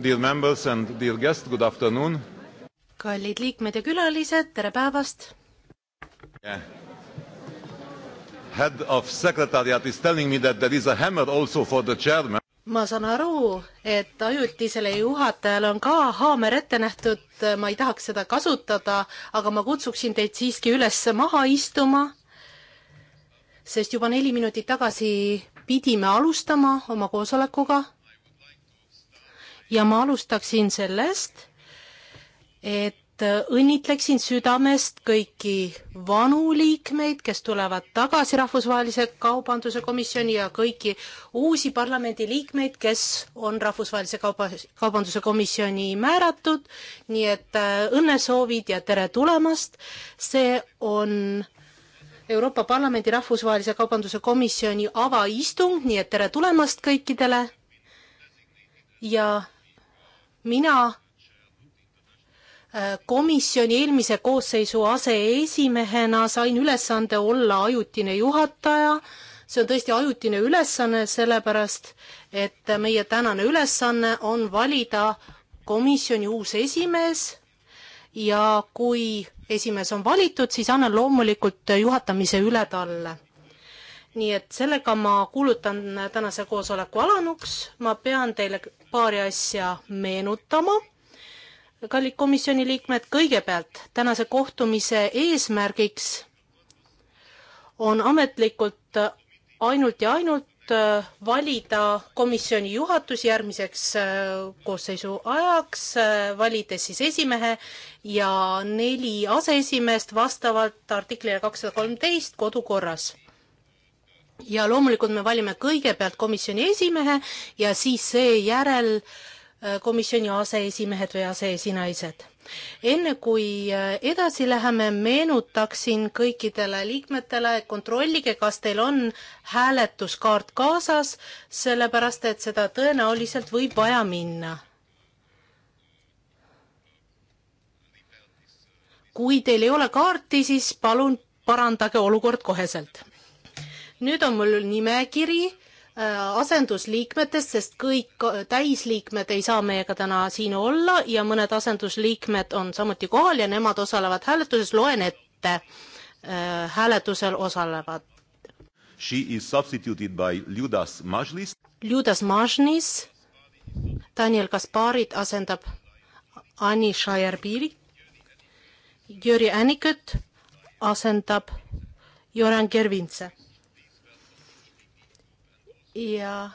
Dear members and dear guests, good afternoon. kallid liikmed ja külalised, tere päevast yeah.! Head of secretariat is telling me that there is a hammer also for the chairman. ma saan aru, et ajutisele juhatajale on ka haamer ette nähtud, ma ei tahaks seda kasutada, aga ma kutsuksin teid siiski üles maha istuma, sest juba neli minutit tagasi pidime alustama oma koosolekuga ja ma alustaksin sellest, et äh, õnnitleksin südamest kõiki vanu liikmeid, kes tulevad tagasi Rahvusvahelise Kaubanduse Komisjoni ja kõiki uusi parlamendiliikmeid, kes on Rahvusvahelise Kauba-, Kaubanduse Komisjoni määratud, nii et äh, õnnesoovid ja tere tulemast, see on Euroopa Parlamendi Rahvusvahelise Kaubanduse Komisjoni avaistung, nii et tere tulemast kõikidele ja mina äh, komisjoni eelmise koosseisu aseesimehena sain ülesande olla ajutine juhataja. see on tõesti ajutine ülesanne, sellepärast et meie tänane ülesanne on valida komisjoni uus esimees ja kui esimees on valitud, siis annan loomulikult juhatamise üle talle nii et sellega ma kuulutan tänase koosoleku alanuks, ma pean teile paari asja meenutama. kallid komisjoni liikmed, kõigepealt tänase kohtumise eesmärgiks on ametlikult ainult ja ainult äh, valida komisjoni juhatus järgmiseks äh, koosseisu ajaks, äh, valides siis esimehe ja neli aseesimeest vastavalt artiklile kakssada kolmteist kodukorras ja loomulikult me valime kõigepealt komisjoni esimehe ja siis seejärel äh, komisjoni aseesimehed või aseesinaised. enne kui äh, edasi läheme, meenutaksin kõikidele liikmetele, kontrollige, kas teil on hääletuskaart kaasas, sellepärast et seda tõenäoliselt võib vaja minna. kui teil ei ole kaarti, siis palun parandage olukord koheselt nüüd on mul nimekiri äh, asendusliikmetest, sest kõik äh, täisliikmed ei saa meiega täna siin olla ja mõned asendusliikmed on samuti kohal ja nemad osalevad hääletuses, loen ette äh, hääletusel osalevad. She is substituted by Ljudas Mažlis. Ljudas Mažnis, Daniel Kasparit asendab Anni Šajerpiiri, Jüri Ännikütt asendab Joran Kervintse ja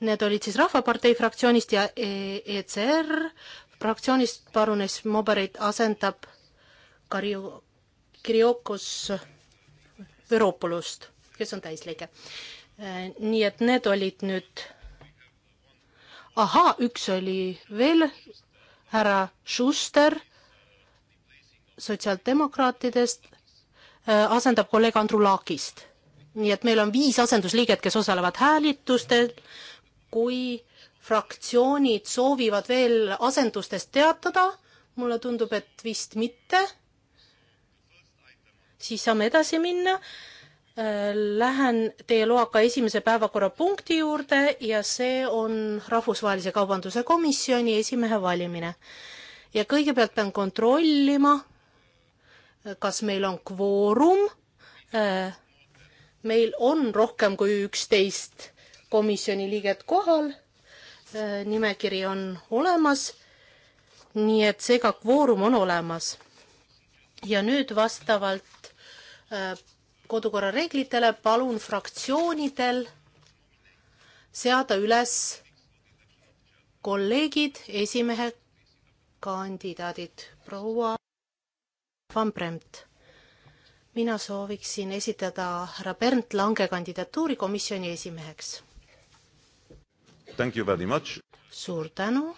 need olid siis Rahvapartei fraktsioonist ja ECR e fraktsioonist, parunes Mobereid asendab Karju-, Kiriokos Veropolust, kes on täisliige. nii et need olid nüüd, ahaa, üks oli veel, härra Schuster sotsiaaldemokraatidest asendab kolleeg Andrulakist nii et meil on viis asendusliiget, kes osalevad hääletustel, kui fraktsioonid soovivad veel asendustest teatada, mulle tundub, et vist mitte, siis saame edasi minna. Lähen teie loaka esimese päevakorrapunkti juurde ja see on Rahvusvahelise Kaubanduse Komisjoni esimehe valimine. ja kõigepealt pean kontrollima, kas meil on kvoorum äh, meil on rohkem kui üksteist komisjoni liiget kohal, äh, nimekiri on olemas, nii et seega kvoorum on olemas. ja nüüd vastavalt äh, kodukorra reeglitele palun fraktsioonidel seada üles kolleegid, esimehe kandidaadid, proua Van Bremt mina sooviksin esitada härra Bernt Lange kandidatuuri komisjoni esimeheks. suur tänu.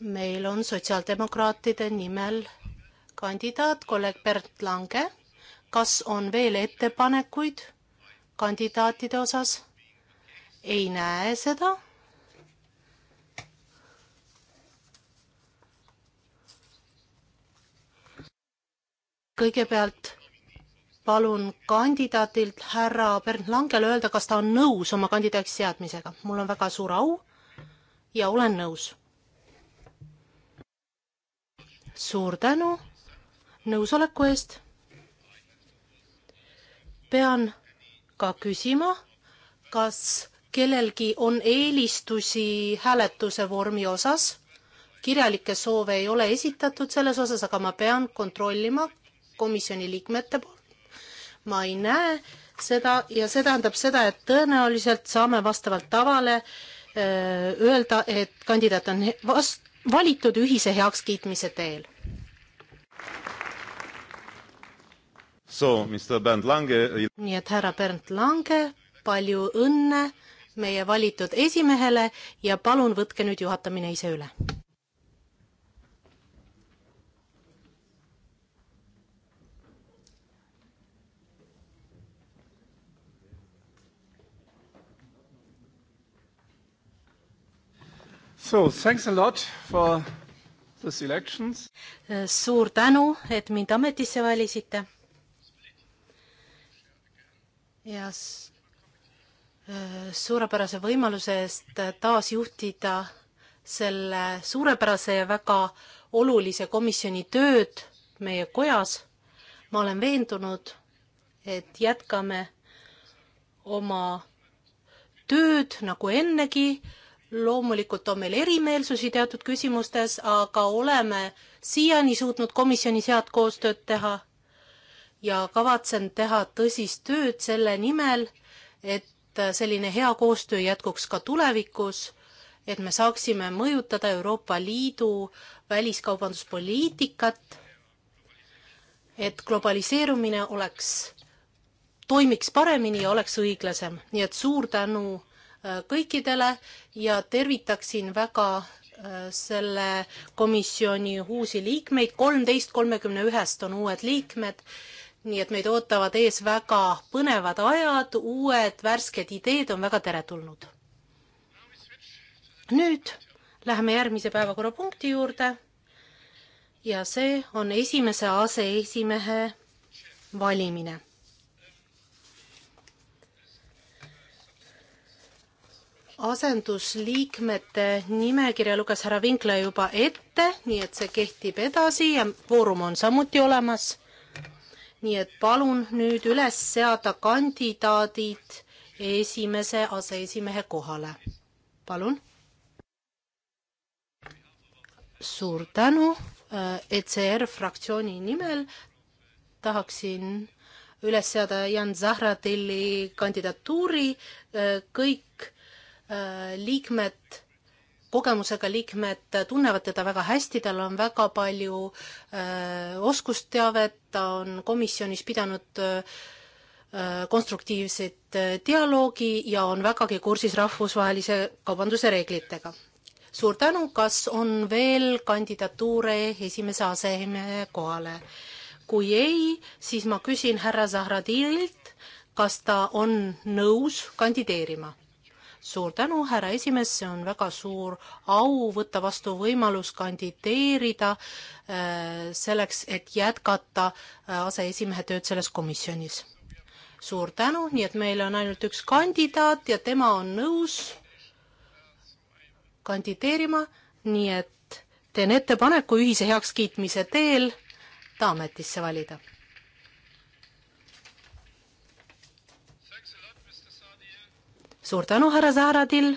meil on sotsiaaldemokraatide nimel kandidaat, kolleeg Bernt Lange. kas on veel ettepanekuid kandidaatide osas? ei näe seda kõigepealt palun kandidaatilt härra Bernd Langel öelda, kas ta on nõus oma kandidaadiks seadmisega. mul on väga suur au ja olen nõus. suur tänu nõusoleku eest. pean ka küsima, kas kellelgi on eelistusi hääletuse vormi osas kirjalikke soove ei ole esitatud selles osas, aga ma pean kontrollima, komisjoni liikmete poolt. ma ei näe seda ja see tähendab seda, et tõenäoliselt saame vastavalt tavale äh, öelda, et kandidaat on vast-, valitud ühise heakskiitmise teel. Lange... nii et härra Bernd Lange, palju õnne meie valitud esimehele ja palun võtke nüüd juhatamine ise üle. So thanks a lot for this elections. suur tänu, et mind ametisse valisite. ja äh, suurepärase võimaluse eest taas juhtida selle suurepärase ja väga olulise komisjoni tööd meie kojas. ma olen veendunud, et jätkame oma tööd nagu ennegi loomulikult on meil erimeelsusi teatud küsimustes, aga oleme siiani suutnud komisjonis head koostööd teha ja kavatsen teha tõsist tööd selle nimel, et selline hea koostöö jätkuks ka tulevikus, et me saaksime mõjutada Euroopa Liidu väliskaubanduspoliitikat, et globaliseerumine oleks, toimiks paremini ja oleks õiglasem, nii et suur tänu Äh, kõikidele ja tervitaksin väga äh, selle komisjoni uusi liikmeid, kolmteist kolmekümne ühest on uued liikmed, nii et meid ootavad ees väga põnevad ajad, uued värsked ideed on väga teretulnud. nüüd läheme järgmise päevakorrapunkti juurde ja see on esimese aseesimehe valimine asendusliikmete nimekirja luges härra Vinkla juba ette, nii et see kehtib edasi ja foorum on samuti olemas. nii et palun nüüd üles seada kandidaadid esimese aseesimehe kohale. palun. suur tänu, äh, ECR fraktsiooni nimel tahaksin üles seada Jan Zahratilli kandidatuuri, äh, kõik Äh, liikmed, kogemusega liikmed tunnevad teda väga hästi, tal on väga palju äh, oskusteavet, ta on komisjonis pidanud äh, konstruktiivset dialoogi ja on vägagi kursis rahvusvahelise kaubanduse reeglitega. suur tänu, kas on veel kandidatuure esimese aseesimehe kohale? kui ei, siis ma küsin härra Zahradililt, kas ta on nõus kandideerima suur tänu, härra esimees, see on väga suur au võtta vastu võimalus kandideerida äh, selleks, et jätkata äh, aseesimehe tööd selles komisjonis. suur tänu, nii et meil on ainult üks kandidaat ja tema on nõus kandideerima, nii et teen ettepaneku ühise heakskiitmise teel ta ametisse valida suur tänu, härra Zahradil.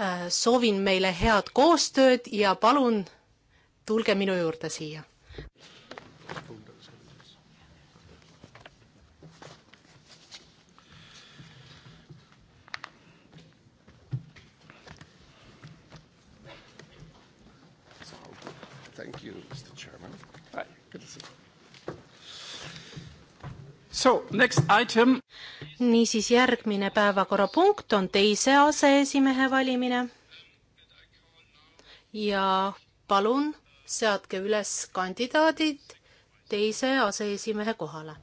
Äh, soovin meile head koostööd ja palun tulge minu juurde siia. niisiis, järgmine päevakorrapunkt on teise aseesimehe valimine. ja palun seadke üles kandidaadid teise aseesimehe kohale.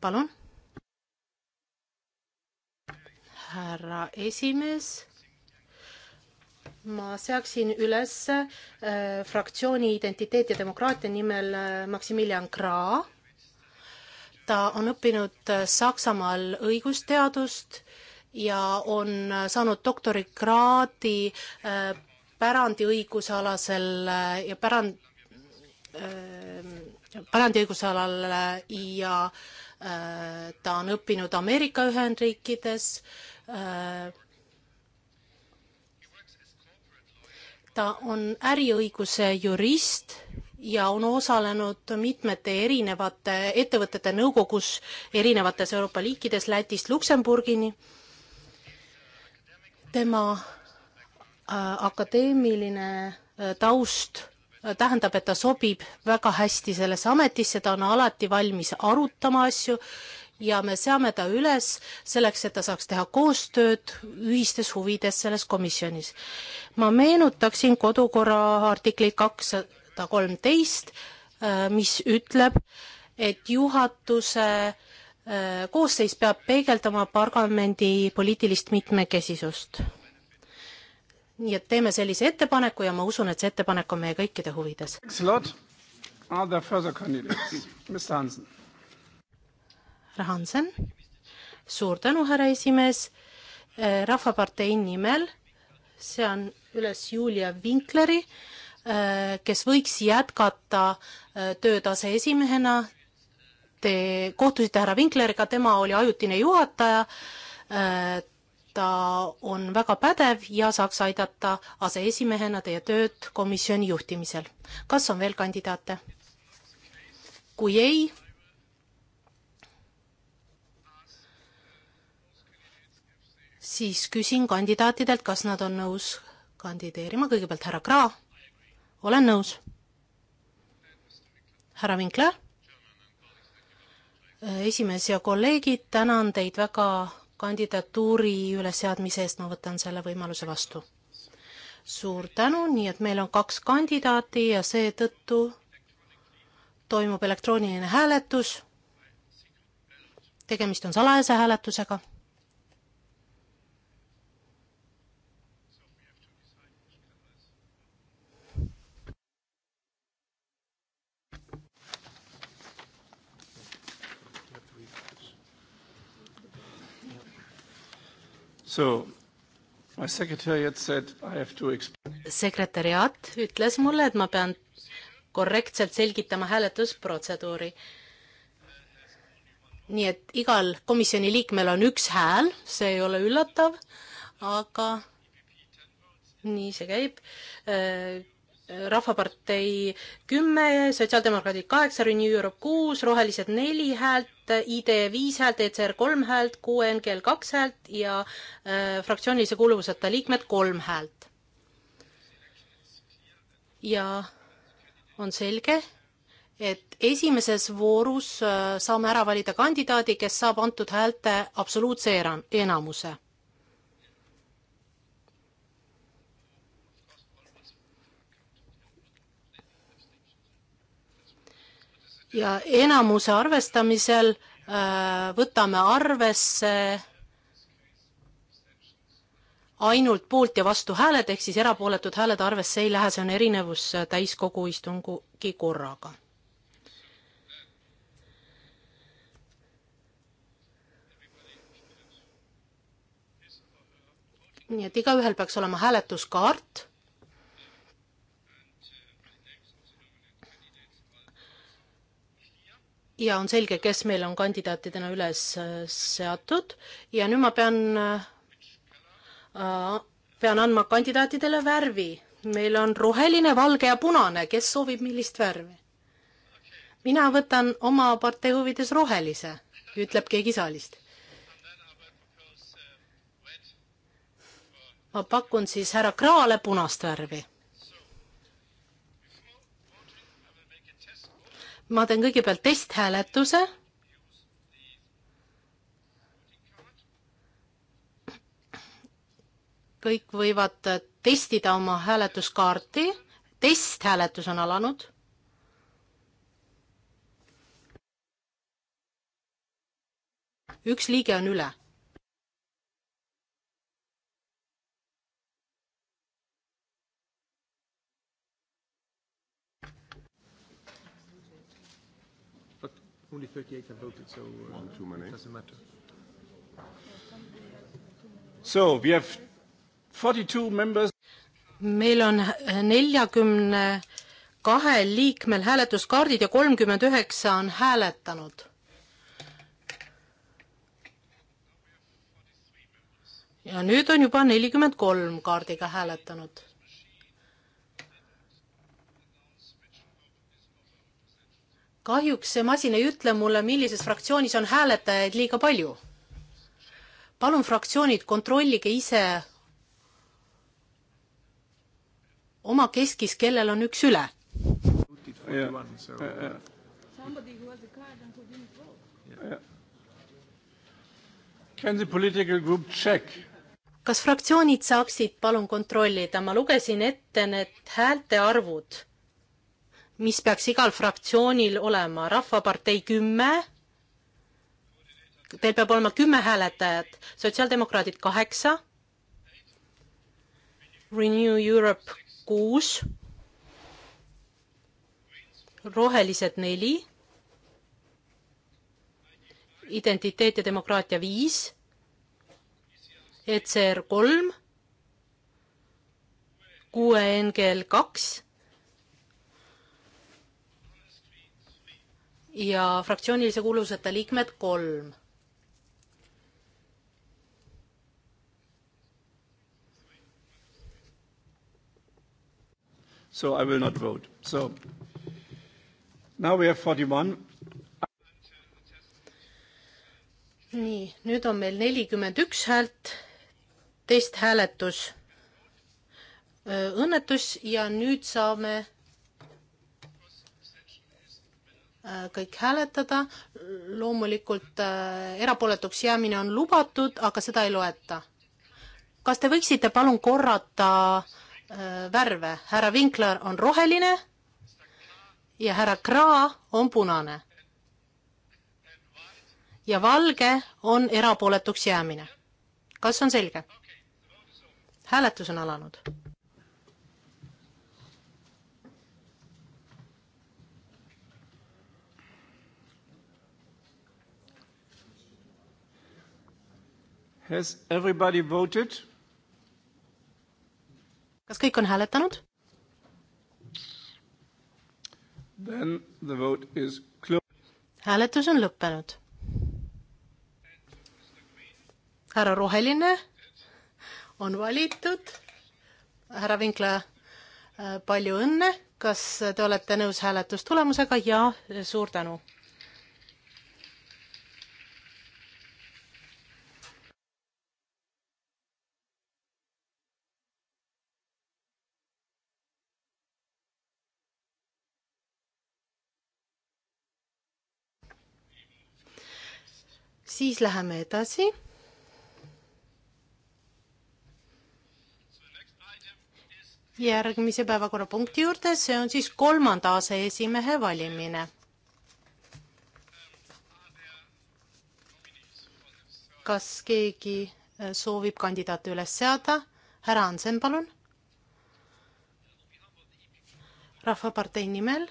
palun. härra esimees ma seaksin üles äh, fraktsiooni Identiteet ja demokraatia nimel äh, Maximilian Kraa ta on õppinud äh, Saksamaal õigusteadust ja on äh, saanud doktorikraadi äh, pärandiõiguse alasel ja pärand, pärandiõiguse alal ja ta on õppinud Ameerika Ühendriikides. ta on äriõiguse jurist ja on osalenud mitmete erinevate ettevõtete nõukogus erinevates Euroopa liikides Lätist Luksemburgini. tema äh, akadeemiline äh, taust äh, tähendab, et ta sobib väga hästi sellesse ametisse, ta on alati valmis arutama asju ja me seame ta üles selleks, et ta saaks teha koostööd ühistes huvides selles komisjonis. ma meenutaksin kodukorra artiklit kaks sada kolmteist, äh, mis ütleb, et juhatuse äh, koosseis peab peegeldama parlamendi poliitilist mitmekesisust. nii et teeme sellise ettepaneku ja ma usun, et see ettepanek on meie kõikide huvides. härra Hansen, suur tänu, härra esimees, äh, Rahvapartei nimel, see on üles Julia Winkleri äh, Äh, kes võiks jätkata äh, tööd aseesimehena. Te kohtusite härra Vinkleriga, tema oli ajutine juhataja. Äh, ta on väga pädev ja saaks aidata aseesimehena teie tööd komisjoni juhtimisel. kas on veel kandidaate? kui ei, siis küsin kandidaatidelt, kas nad on nõus kandideerima, kõigepealt härra Kraa olen nõus. härra Vinkler? esimees ja kolleegid, tänan teid väga kandidatuuri ülesseadmise eest, ma võtan selle võimaluse vastu. suur tänu, nii et meil on kaks kandidaati ja seetõttu toimub elektrooniline hääletus. tegemist on salajase hääletusega So my secretariat said I have to sekretäriaat ütles mulle, et ma pean korrektselt selgitama hääletusprotseduuri. nii et igal komisjoni liikmel on üks hääl, see ei ole üllatav, aga nii see käib. Äh, Rahvapartei kümme, Sotsiaaldemokraadid kaheksa, Renew Europe kuus, Rohelised neli häält, ID viis häält, ECR kolm häält, QNGL kaks häält ja äh, fraktsioonilise kuuluvuseta liikmed kolm häält. ja on selge, et esimeses voorus äh, saame ära valida kandidaadi, kes saab antud häälte absoluutse enamuse ja enamuse arvestamisel äh, võtame arvesse ainult poolt ja vastu hääled, ehk siis erapooletud hääled arvesse ei lähe, see on erinevus äh, täiskogu istungi korraga. nii et igaühel peaks olema hääletuskaart ja on selge, kes meil on kandidaatidena üles äh, seatud ja nüüd ma pean, äh, pean andma kandidaatidele värvi. meil on roheline, valge ja punane, kes soovib millist värvi? mina võtan oma partei huvides rohelise, ütleb keegi saalist. ma pakun siis härra Kraale punast värvi ma teen kõigepealt testhääletuse. kõik võivad testida oma hääletuskaarti. testhääletus on alanud. üks liige on üle Only 38 have voted, so uh, One too many. it doesn't matter. So we have 42 members. meil on äh, neljakümne kahel liikmel hääletuskaardid ja kolmkümmend üheksa on hääletanud. ja nüüd on juba nelikümmend kolm kaardiga hääletanud kahjuks see masin ei ütle mulle, millises fraktsioonis on hääletajaid liiga palju. palun, fraktsioonid, kontrollige ise oma keskis, kellel on üks üle. kas fraktsioonid saaksid palun kontrollida, ma lugesin ette need häälte arvud mis peaks igal fraktsioonil olema, Rahvapartei kümme, teil peab olema kümme hääletajat, sotsiaaldemokraadid kaheksa, Renew Europe kuus, rohelised neli, identiteet ja demokraatia viis, ECR kolm, kuue NGL kaks ja fraktsioonilise kuuluseta liikmed kolm. So I will not vote. So now we have 41. nii, nüüd on meil nelikümmend üks häält, teist hääletus, õnnetus ja nüüd saame Äh, kõik hääletada, loomulikult äh, erapooletuks jäämine on lubatud, aga seda ei loeta. kas te võiksite palun korrata äh, värve, härra Vinkler on roheline ja härra Kra on punane. ja valge on erapooletuks jäämine. kas on selge? hääletus on alanud Has everybody voted? kas kõik on hääletanud? Then the vote is closed. hääletus on lõppenud. härra Roheline on valitud. härra Vinkla, äh, palju õnne, kas te olete nõus hääletustulemusega ja suur tänu siis läheme edasi. järgmise päevakorrapunkti juurde, see on siis kolmanda aseesimehe valimine. kas keegi äh, soovib kandidaate üles seada? härra Hansen, palun. rahvapartei nimel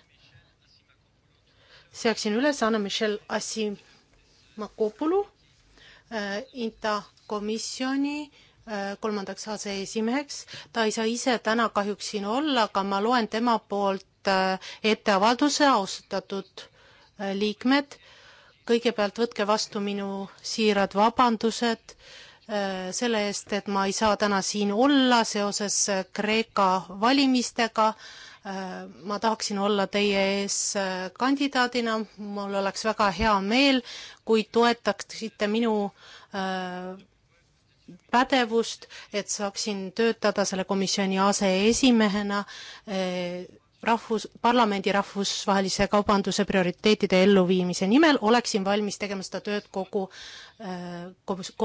seaksin üles Anna-Michelle Assimov. Makopulu äh, INTA komisjoni äh, kolmandaks aseesimeheks. ta ei saa ise täna kahjuks siin olla, aga ma loen tema poolt äh, ette avalduse, austatud liikmed, kõigepealt võtke vastu minu siirad vabandused selle eest, et ma ei saa täna siin olla seoses Kreeka valimistega Äh, ma tahaksin olla teie ees äh, kandidaadina, mul oleks väga hea meel, kui toetaksite minu äh, pädevust, et saaksin töötada selle komisjoni aseesimehena rahvus, parlamendi rahvusvahelise kaubanduse prioriteetide elluviimise nimel, oleksin valmis tegema seda tööd kogu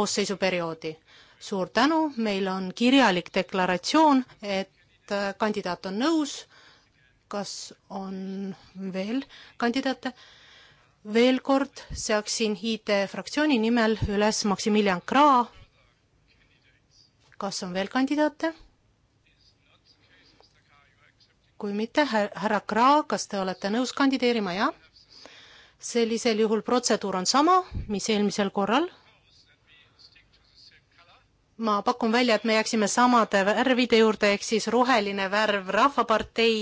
koosseisuperioodi. suur tänu, meil on kirjalik deklaratsioon, et kandidaat on nõus kas on veel kandidaate? veel kord seaksin ID fraktsiooni nimel üles Maximilian Kra. kas on veel kandidaate? kui mitte, härra Kra, kas te olete nõus kandideerima, jah? sellisel juhul protseduur on sama, mis eelmisel korral. ma pakun välja, et me jääksime samade värvide juurde, ehk siis roheline värv Rahvapartei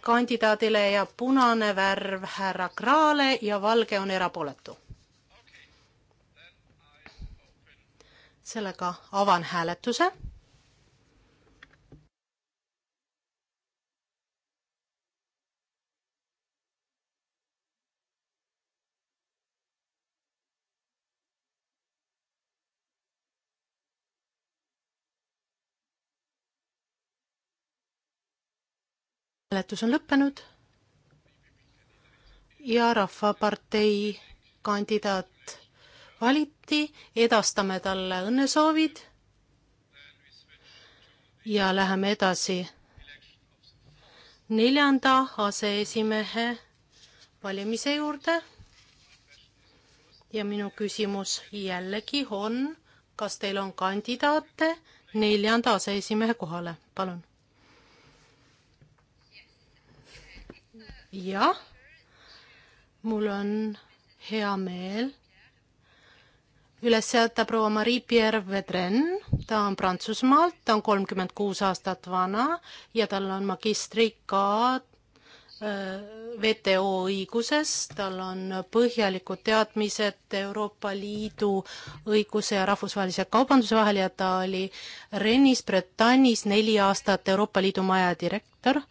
kandidaadile ja punane värv härra Krale ja valge on erapooletu. sellega avan hääletuse hääletus on lõppenud ja Rahvapartei kandidaat valiti, edastame talle õnnesoovid ja läheme edasi neljanda aseesimehe valimise juurde. ja minu küsimus jällegi on, kas teil on kandidaate neljanda aseesimehe kohale, palun jah, mul on hea meel üles seada proua Marie-Pierre Vedren, ta on Prantsusmaalt, ta on kolmkümmend kuus aastat vana ja tal on magistrika WTO äh, õiguses, tal on põhjalikud teadmised Euroopa Liidu õiguse ja rahvusvahelise kaubanduse vahel ja ta oli Rennes Bretagne'is neli aastat Euroopa Liidu maja direktor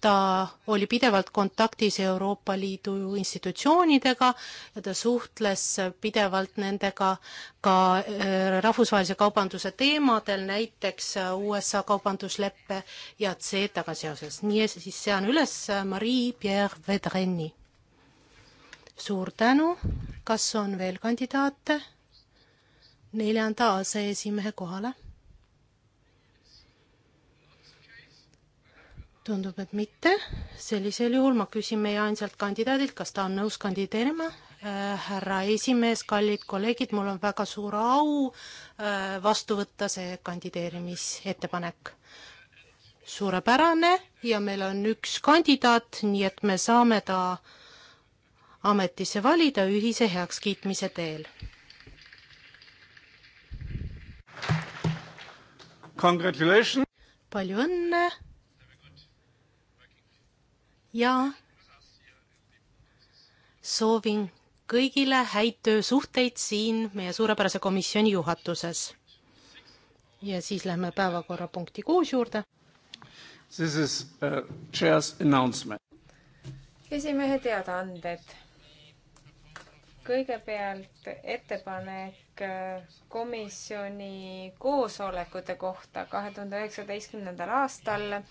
ta oli pidevalt kontaktis Euroopa Liidu institutsioonidega ja ta suhtles pidevalt nendega ka äh, rahvusvahelise kaubanduse teemadel, näiteks äh, USA kaubandusleppe ja CETA-ga seoses. nii, siis sean üles äh, Marie-Pierre Vedreni. suur tänu, kas on veel kandidaate neljanda aseesimehe kohale? tundub, et mitte. sellisel juhul ma küsin meie ainsalt kandidaadilt, kas ta on nõus kandideerima. Äh, härra esimees, kallid kolleegid, mul on väga suur au äh, vastu võtta see kandideerimisettepanek. suurepärane ja meil on üks kandidaat, nii et me saame ta ametisse valida ühise heakskiitmise teel. palju õnne ja soovin kõigile häid töösuhteid siin meie suurepärase komisjoni juhatuses. ja siis lähme päevakorrapunkti kuus juurde. This is uh, chair's announcement. esimehe teadaanded. kõigepealt ettepanek uh, komisjoni koosolekute kohta kahe tuhande üheksateistkümnendal aastal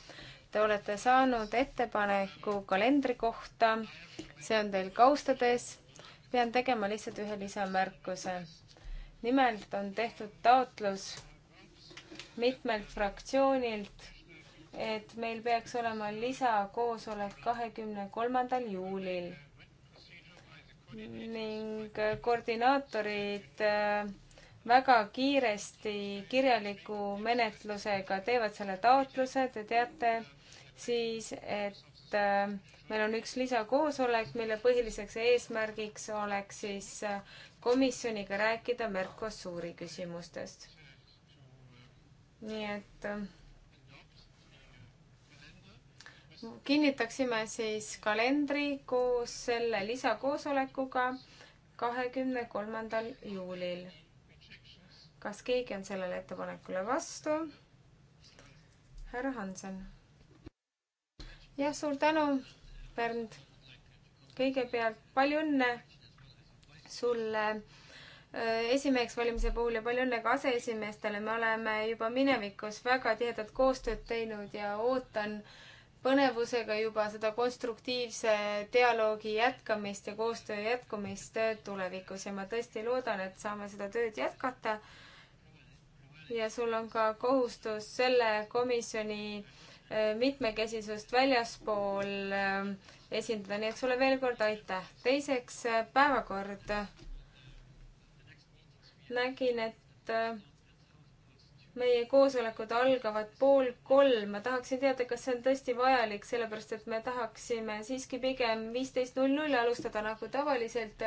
Te olete saanud ettepaneku kalendri kohta, see on teil kaustades. pean tegema lihtsalt ühe lisamärkuse. nimelt on tehtud taotlus mitmelt fraktsioonilt, et meil peaks olema lisakoosolek kahekümne kolmandal juulil ning koordinaatorid äh, väga kiiresti kirjaliku menetlusega teevad selle taotluse, te teate, siis, et äh, meil on üks lisakoosolek, mille põhiliseks eesmärgiks oleks siis äh, komisjoniga rääkida Mercosuri küsimustest. nii et äh, kinnitaksime siis kalendri koos selle lisakoosolekuga kahekümne kolmandal juulil. kas keegi on sellele ettepanekule vastu? härra Hansen jah, suur tänu, Bernd. kõigepealt palju õnne sulle äh, esimeheks valimise puhul ja palju õnne ka aseesimeestele. me oleme juba minevikus väga tihedat koostööd teinud ja ootan põnevusega juba seda konstruktiivse dialoogi jätkamist ja koostöö jätkumist tulevikus ja ma tõesti loodan, et saame seda tööd jätkata. ja sul on ka kohustus selle komisjoni äh, Äh, mitmekesisust väljaspool äh, esindada, nii et sulle veel kord aitäh. teiseks, äh, päevakord. nägin, et meie koosolekud algavad pool kolm. ma tahaksin teada, kas see on tõesti vajalik, sellepärast et me tahaksime siiski pigem viisteist null null alustada nagu tavaliselt,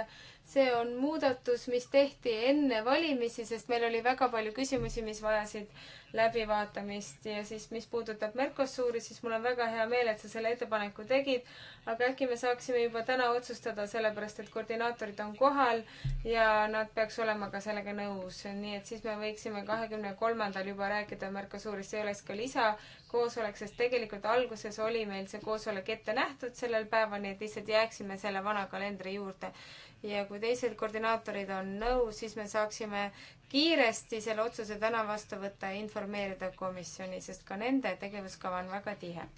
see on muudatus, mis tehti enne valimisi, sest meil oli väga palju küsimusi, mis vajasid läbivaatamist ja siis, mis puudutab Mercosuri, siis mul on väga hea meel, et sa selle ettepaneku tegid, aga äkki me saaksime juba täna otsustada, sellepärast et koordinaatorid on kohal ja nad peaks olema ka sellega nõus, nii et siis me võiksime kahekümne kolmandal juba rääkida Mercosurist, see oleks ka lisa koosolek, sest tegelikult alguses oli meil see koosolek ette nähtud sellel päeval, nii et lihtsalt jääksime selle vana kalendri juurde. ja kui teised koordinaatorid on nõus, siis me saaksime kiiresti selle otsuse täna vastu võtta ja informeerida komisjoni, sest ka nende tegevuskava on väga tihe.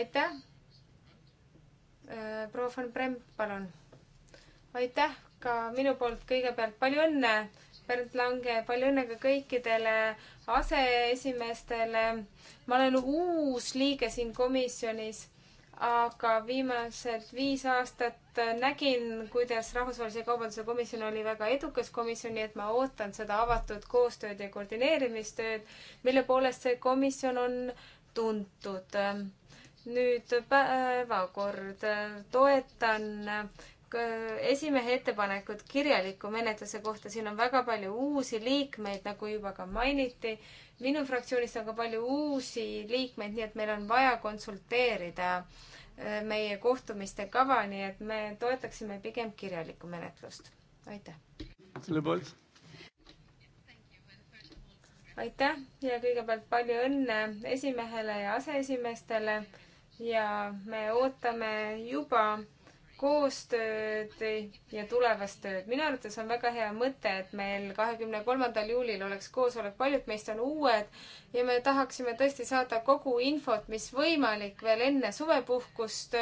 aitäh. Äh, proua von Bremp, palun. aitäh ka minu poolt kõigepealt palju õnne Bernd Lange, palju õnne ka kõikidele aseesimeestele. ma olen uus liige siin komisjonis, aga viimased viis aastat nägin, kuidas Rahvusvahelise Kaubanduse Komisjon oli väga edukas komisjon, nii et ma ootan seda avatud koostööd ja koordineerimistööd, mille poolest see komisjon on tuntud nüüd päevakord. toetan esimehe ettepanekud kirjaliku menetluse kohta, siin on väga palju uusi liikmeid, nagu juba ka mainiti. minu fraktsioonist on ka palju uusi liikmeid, nii et meil on vaja konsulteerida äh, meie kohtumiste kava, nii et me toetaksime pigem kirjalikku menetlust. aitäh. aitäh ja kõigepealt palju õnne esimehele ja aseesimeestele ja me ootame juba koostööd ja tulevast tööd. minu arvates on väga hea mõte, et meil kahekümne kolmandal juulil oleks koosolek, paljud meist on uued ja me tahaksime tõesti saada kogu infot, mis võimalik veel enne suvepuhkust.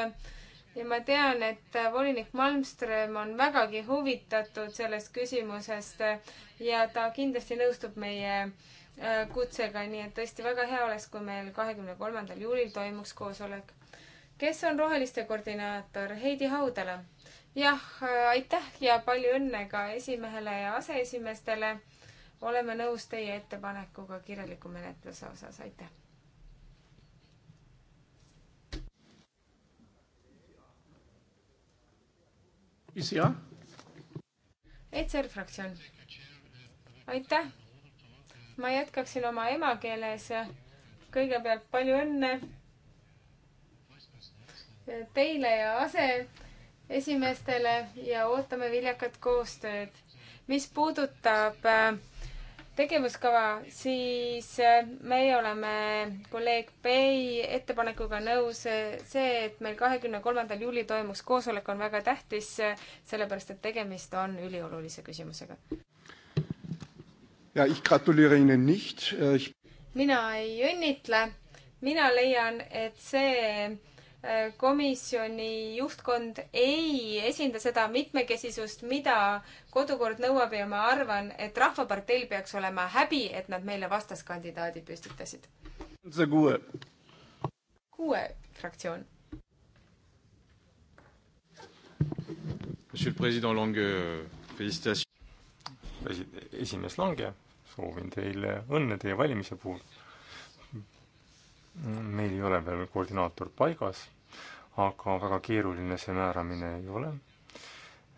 ja ma tean, et volinik Malmström on vägagi huvitatud sellest küsimusest ja ta kindlasti nõustub meie äh, kutsega, nii et tõesti väga hea oleks, kui meil kahekümne kolmandal juulil toimuks koosolek kes on roheliste koordinaator? Heidi Haudala. jah, äh, aitäh ja palju õnne ka esimehele ja aseesimeestele. oleme nõus teie ettepanekuga kirjaliku menetluse osas, aitäh ja. ETSR fraktsioon. aitäh. ma jätkaksin oma emakeeles. kõigepealt palju õnne teile ja aseesimeestele ja ootame viljakat koostööd. mis puudutab äh, tegevuskava, siis äh, meie oleme kolleeg Pei ettepanekuga nõus. Äh, see, et meil kahekümne kolmandal juulil toimuks koosolek, on väga tähtis, sellepärast et tegemist on üliolulise küsimusega. ja, ich gratuliere Ihnen nicht ich.... mina ei õnnitle, mina leian, et see komisjoni juhtkond ei esinda seda mitmekesisust, mida kodukord nõuab ja ma arvan, et Rahvaparteil peaks olema häbi, et nad meile vastaskandidaadi püstitasid. see kuue. kuue fraktsioon. Monsieur le Président Lange, félicitations. esimees Lange, soovin teile õnne teie valimise puhul. meil ei ole veel koordinaator paigas aga väga keeruline see määramine ei ole.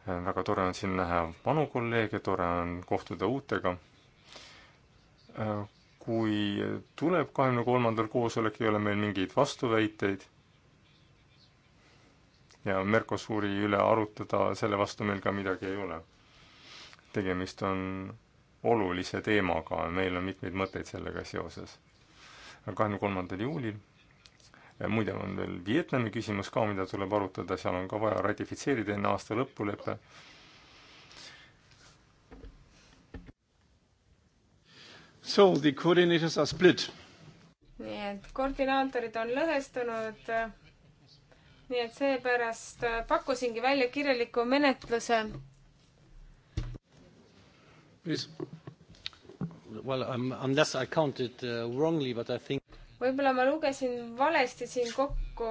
väga tore on siin näha vanu kolleege, tore on kohtuda uutega. kui tuleb kahekümne kolmandal koosolek, ei ole meil mingeid vastuväiteid ja Mercosuri üle arutada, selle vastu meil ka midagi ei ole. tegemist on olulise teemaga, meil on mitmeid mõtteid sellega seoses. kahekümne kolmandal juulil muide, on veel Vietnami küsimus ka, mida tuleb arutada, seal on ka vaja ratifitseerida enne aasta lõppu lepe. So the coordinators are split. nii et koordinaatorid on lõhestunud. nii et seepärast pakkusingi välja kirjaliku menetluse. Well, um, unless I counted uh, wrongly, but I think võib-olla ma lugesin valesti siin kokku,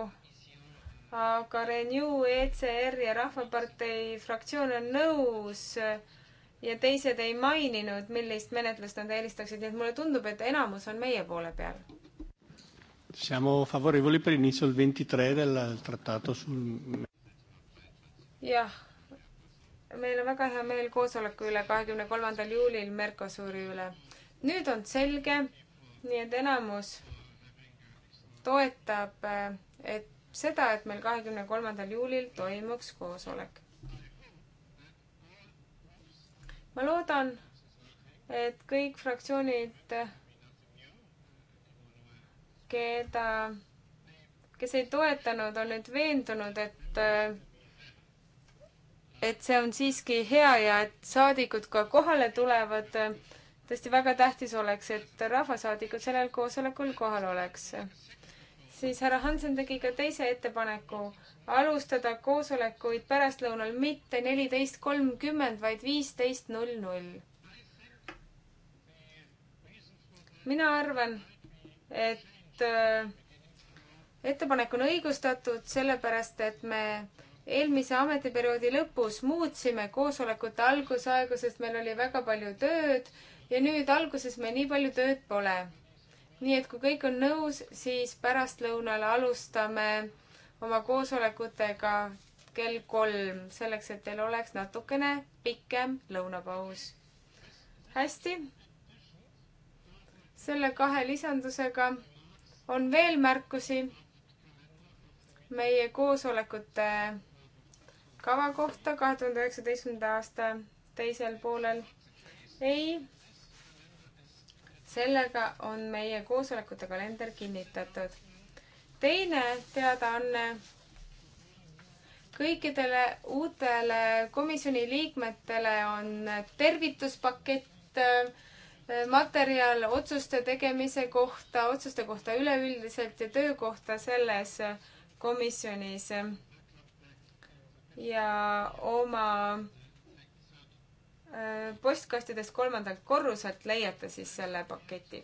aga Renew, ECR ja Rahvapartei fraktsioon on nõus ja teised ei maininud, millist menetlust nad eelistaksid, nii et mulle tundub, et enamus on meie poole peal. Siamo favorevoli per inizio il 23 del trattato sul... jah, meil on väga hea meel koosoleku üle kahekümne kolmandal juulil Mercosuri üle. nüüd on selge, nii et enamus toetab et seda, et meil kahekümne kolmandal juulil toimuks koosolek. ma loodan, et kõik fraktsioonid, keda, kes ei toetanud, on nüüd veendunud, et et see on siiski hea ja et saadikud ka kohale tulevad. tõesti väga tähtis oleks, et rahvasaadikud sellel koosolekul kohal oleks siis härra Hansen tegi ka teise ettepaneku alustada koosolekuid pärastlõunal mitte neliteist kolmkümmend, vaid viisteist null null. mina arvan, et äh, ettepanek on õigustatud, sellepärast et me eelmise ametiperioodi lõpus muutsime koosolekute algusaegu, sest meil oli väga palju tööd ja nüüd alguses meil nii palju tööd pole nii et kui kõik on nõus, siis pärastlõunal alustame oma koosolekutega kell kolm, selleks et teil oleks natukene pikem lõunapaus. hästi. selle kahe lisandusega on veel märkusi meie koosolekute kava kohta kahe tuhande üheksateistkümnenda aasta teisel poolel. ei sellega on meie koosolekute kalender kinnitatud. teine teadaanne kõikidele uutele komisjoni liikmetele on tervituspakett, äh, materjal otsuste tegemise kohta, otsuste kohta üleüldiselt ja töökohta selles komisjonis. ja oma postkastidest kolmandalt korruselt leiate siis selle paketi.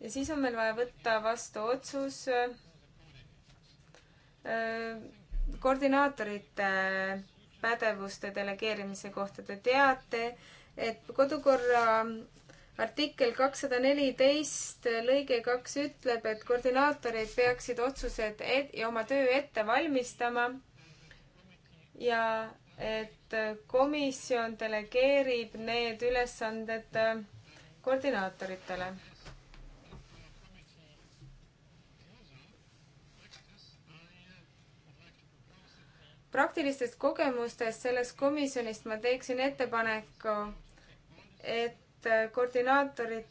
ja siis on meil vaja võtta vastu otsus äh, koordinaatorite pädevuste delegeerimise kohta. Te teate, et kodukorra artikkel kakssada neliteist lõige kaks ütleb, et koordinaatorid peaksid otsused et, ja oma töö ette valmistama ja et komisjon delegeerib need ülesanded äh, koordinaatoritele. praktilistest kogemustest sellest komisjonist ma teeksin ettepaneku, et äh, koordinaatorid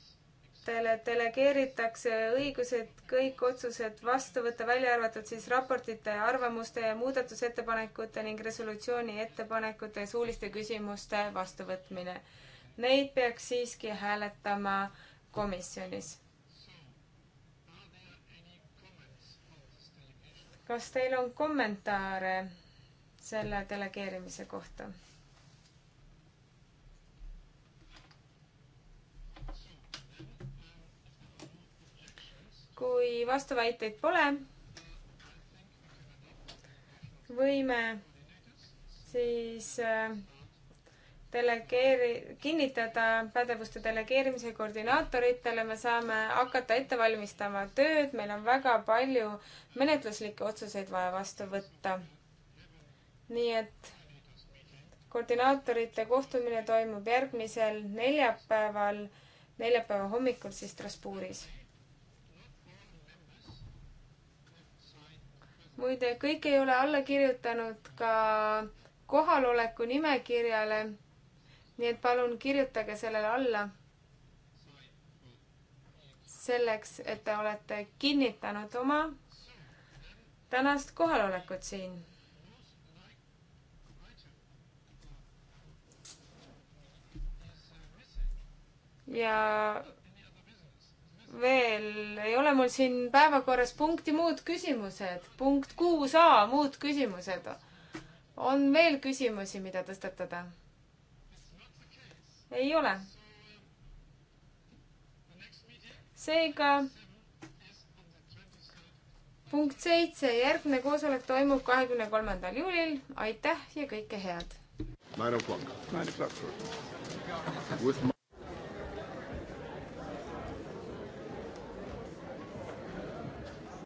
parlamentele delegeeritakse õigused kõik otsused vastu võtta, välja arvatud siis raportite, arvamuste ja muudatusettepanekute ning resolutsiooni ettepanekute ja suuliste küsimuste vastuvõtmine. Neid peaks siiski hääletama komisjonis. kas teil on kommentaare selle delegeerimise kohta? kui vastuväiteid pole, võime siis äh, delegeeri-, kinnitada pädevuste delegeerimise koordinaatoritele, me saame hakata ette valmistama tööd, meil on väga palju menetluslikke otsuseid vaja vastu võtta. nii et koordinaatorite kohtumine toimub järgmisel neljapäeval, neljapäeva hommikul siis Strasbourgis muide, kõik ei ole alla kirjutanud ka kohaloleku nimekirjale. nii et palun kirjutage sellele alla. selleks, et te olete kinnitanud oma tänast kohalolekut siin ja veel ei ole mul siin päevakorras punkti muud küsimused. punkt kuus A, muud küsimused. on veel küsimusi, mida tõstatada? ei ole. seega punkt seitse, järgmine koosolek toimub kahekümne kolmandal juulil. aitäh ja kõike head! Nine o'clock. Nine o'clock.